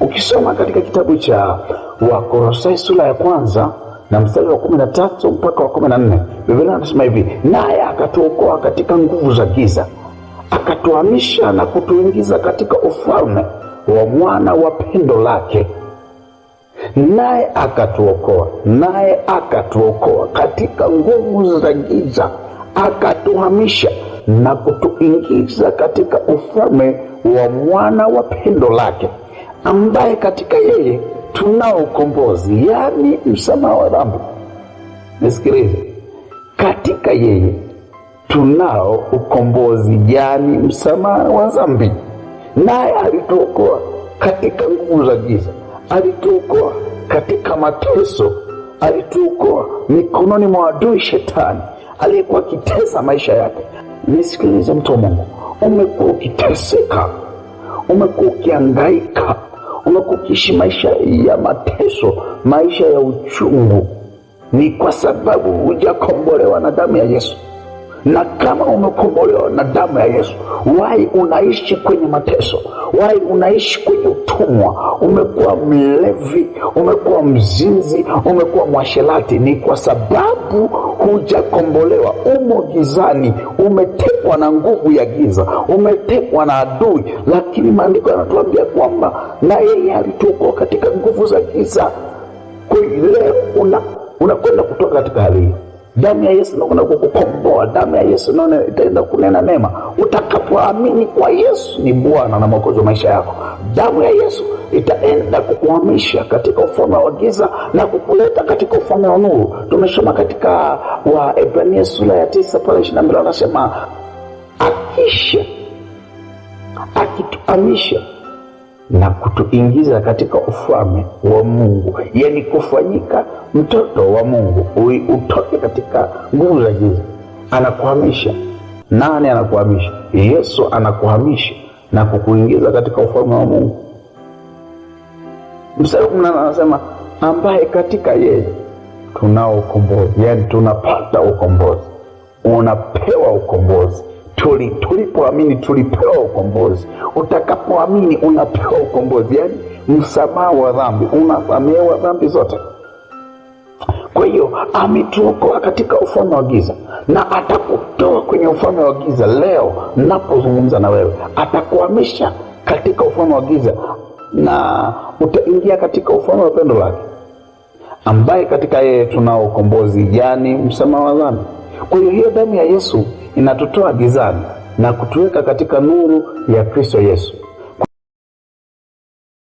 Ukisoma katika kitabu cha Wakolosai sura ya kwanza na mstari wa kumi na tatu mpaka wa kumi na nne Biblia anasema hivi, naye akatuokoa katika nguvu za giza, akatuhamisha na kutuingiza katika ufalme wa mwana wa pendo lake naye akatuokoa, naye akatuokoa katika nguvu za giza, akatuhamisha na kutuingiza katika ufalme wa mwana wa pendo lake ambaye katika yeye tunao ukombozi, yaani msamaha wa dhambi. Nisikilize, katika yeye tunao ukombozi, yaani msamaha wa dhambi. Naye alituokoa katika nguvu za giza, alituokoa katika mateso, alituokoa mikononi mwa adui shetani aliyekuwa akitesa maisha yake. Nisikilize mtu wa Mungu, umekuwa ukiteseka, umekuwa ukiangaika ama kukiishi maisha ya mateso, maisha ya uchungu, ni kwa sababu hujakombolewa na damu ya Yesu na kama umekombolewa na damu ya Yesu, wai unaishi kwenye mateso, wai unaishi kwenye utumwa. Umekuwa mlevi, umekuwa mzinzi, umekuwa mwashelati ni kwa sababu hujakombolewa. Umo gizani, umetekwa na nguvu ya giza, umetekwa na adui. Lakini maandiko yanatuambia kwamba na yeye alituokoa katika nguvu za giza. Kwa leo unakwenda una kutoka katika hali hii Damu ya Yesu inakwenda kukukomboa, damu ya Yesu naona itaenda kunena mema utakapoamini kwa Yesu ni Bwana na Mwokozi wa maisha yako. Damu ya Yesu itaenda kukuhamisha katika ufalme wa giza na kukuleta katika ufalme wa nuru. Tumesoma katika Waebrania sura ya tisa pale ishirini na mbili anasema akisha akituamisha na kutuingiza katika ufalme wa Mungu, yaani kufanyika mtoto wa Mungu, utoke katika nguvu za giza. Anakuhamisha. Nani anakuhamisha? Yesu anakuhamisha na kukuingiza katika ufalme wa Mungu. Mstari kumi na nane anasema ambaye katika yeye tunao ukombozi, yani tunapata ukombozi, unapewa ukombozi tuli tulipoamini tulipewa ukombozi. Utakapoamini unapewa ukombozi, yaani msamaha wa dhambi, unasamehewa dhambi zote. Kwa hiyo ametuokoa katika ufalme wa giza, na atakutoa kwenye ufalme wa giza. Leo napozungumza na wewe, atakuhamisha katika ufalme wa giza na utaingia katika ufalme wa pendo lake, ambaye katika yeye tunao ukombozi, yaani msamaha wa dhambi. Kwa hiyo hiyo damu ya Yesu inatutoa gizani na kutuweka katika nuru ya Kristo Yesu.